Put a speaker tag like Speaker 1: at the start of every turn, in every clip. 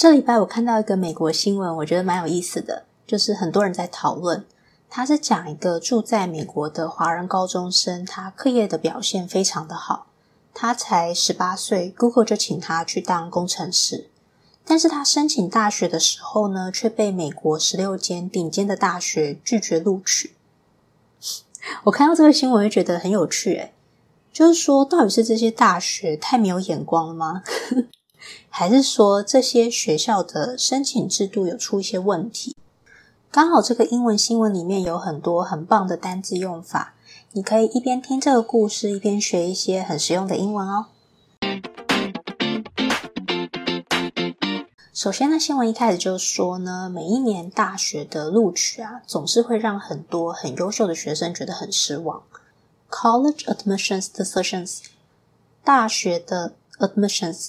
Speaker 1: 這禮拜我看到一個美國新聞，我覺得蠻有意思的，就是很多人在討論。他是講一個住在美國的華人高中生，他課業的表現非常的好，他才十八歲，Google 就請他去當工程師。但是他申請大學的時候呢，卻被美國十六間頂尖的大學拒絕錄取。我看到這個新聞，就覺得很有趣哎、欸，就是說到底是這些大學太沒有眼光了嗎？ 還是說這些學校的申請制度有出一些問題？剛好這個英文新聞裡面有很多很棒的單字用法，你可以一邊聽這個故事，一邊學一些很實用的英文哦。首先呢，新聞一開始就說呢，每一年大學的錄取啊，總是會讓很多很優秀的學生覺得很失望。College admissions decisions，大學的 admissions，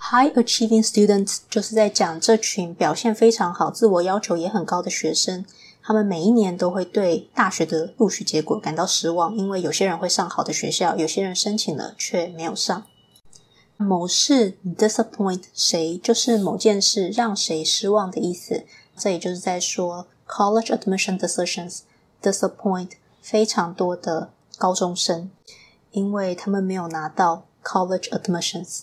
Speaker 1: High-achieving students 就是在講這群表現非常好、自我要求也很高的學生，他們每一年都會對大學的錄取結果感到失望，因為有些人會上好的學校，有些人申請了卻沒有上。某事 disappoint 誰就是某件事讓誰失望的意思，這也就是在說 college admission decisions disappoint 非常多的高中生，因為他們沒有拿到 college admissions。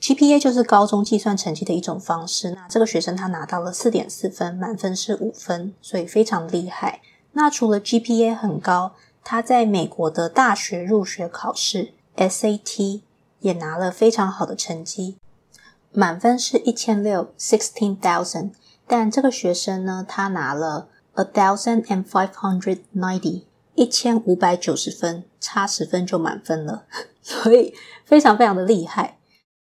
Speaker 1: GPA 就是高中計算成績的一種方式。那這個學生他拿到了四點四分，滿分是五分，所以非常厲害。那除了 GPA 很高，他在美國的大學入學考試 SAT 也拿了非常好的成績，滿分是一千六 （sixteen thousand），但這個學生呢，他拿了 a thousand and five hundred ninety 一千五百九十分，差十分就滿分了，所以非常非常的厲害。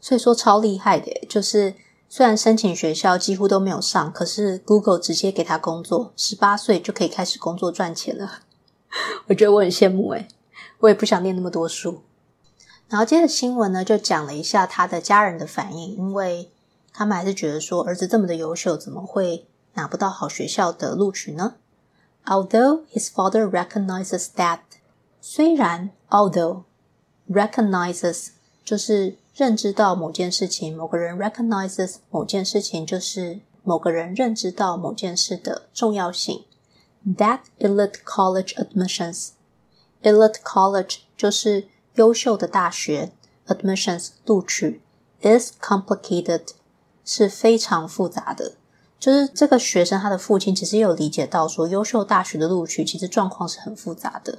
Speaker 1: 所以說超厲害的，就是雖然申請學校幾乎都沒有上，可是 Google 直接給他工作，十八歲就可以開始工作賺錢了。 我覺得我很羨慕哎，我也不想念那麼多書。然後接着新聞呢，就講了一下他的家人的反應，因為他們還是覺得說兒子這麼的優秀，怎麼會拿不到好學校的錄取呢？Although his father recognizes that，雖然 although recognizes 就是。認知到某件事情，某個人 recognizes 某件事情，就是某個人認知到某件事的重要性。That elite college admissions, elite college 就是優秀的大學，admissions 錄取 is complicated 是非常複雜的，就是這個學生他的父親其實也有理解到說，優秀大學的錄取其實狀況是很複雜的。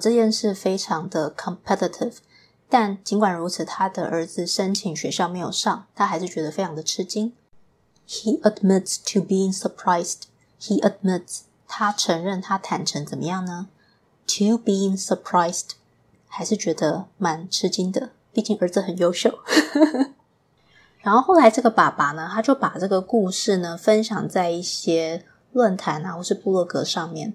Speaker 1: 這件事非常的 competitive，但儘管如此，他的兒子申請學校沒有上，他還是覺得非常的吃驚。He admits to being surprised. He admits，他承認他坦誠怎麼樣呢？To being surprised，還是覺得蠻吃驚的。畢竟兒子很優秀。 然後後來這個爸爸呢，他就把這個故事呢分享在一些論壇啊，或是部落格上面。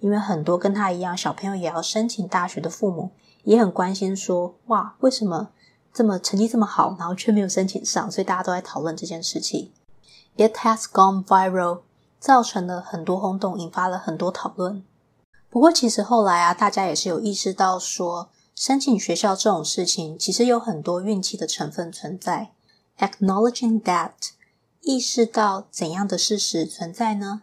Speaker 1: 因為很多跟他一樣，小朋友也要申請大學的父母也很關心說，說哇，為什麼這麼成績這麼好，然後卻沒有申請上，所以大家都在討論這件事情。It has gone viral，造成了很多轟動，引發了很多討論。不過其實後來啊，大家也是有意識到說，申請學校這種事情其實有很多運氣的成分存在。Acknowledging that，意識到怎樣的事實存在呢？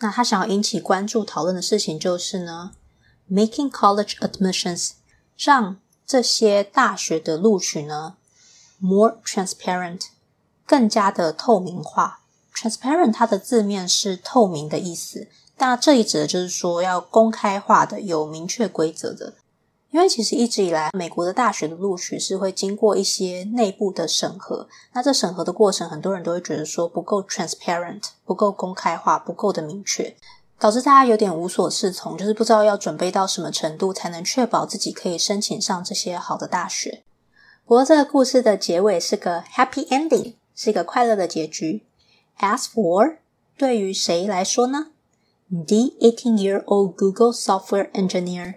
Speaker 1: 那他想要引起關注討論的事情就是呢，making college admissions 讓這些大學的錄取呢 more transparent 更加的透明化。transparent 它的字面是透明的意思，那這裡指的就是說要公開化的、有明確規則的。因為其實一直以來，美國的大學的錄取是會經過一些內部的審核。那這審核的過程，很多人都會覺得說不夠 transparent，不夠公開化，不夠的明確，導致大家有點無所適從，就是不知道要準備到什麼程度才能確保自己可以申請上這些好的大學。不過這個故事的結尾是個 happy ending，是一個快樂的結局。As for 對於誰來說呢？The eighteen year old Google software engineer。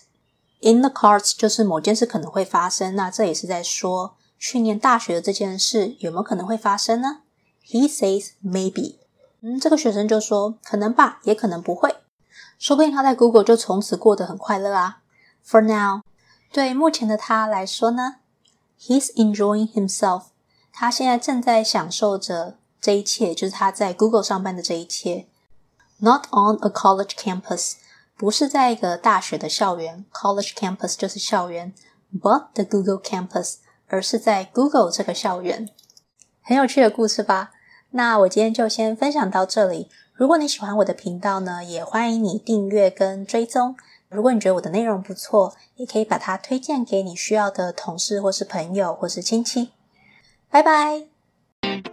Speaker 1: In the cards, 就是某件事可能會發生，那這也是在說去年大學的這件事有沒有可能會發生呢？He says maybe，嗯，這個學生就說可能吧，也可能不會，說不定他在 Google 就從此過得很快樂啊。For now，對目前的他來說呢，He's enjoying himself，他現在正在享受着這一切，就是他在 Google 上班的這一切。Not on a college campus。不是在一個大學的校園 college campus 就是校園，but the Google campus，而是在 Google 這個校園。很有趣的故事吧？那我今天就先分享到這裡。如果你喜歡我的頻道呢，也歡迎你訂閱跟追蹤。如果你覺得我的內容不錯，也可以把它推薦給你需要的同事或是朋友或是親戚。拜拜。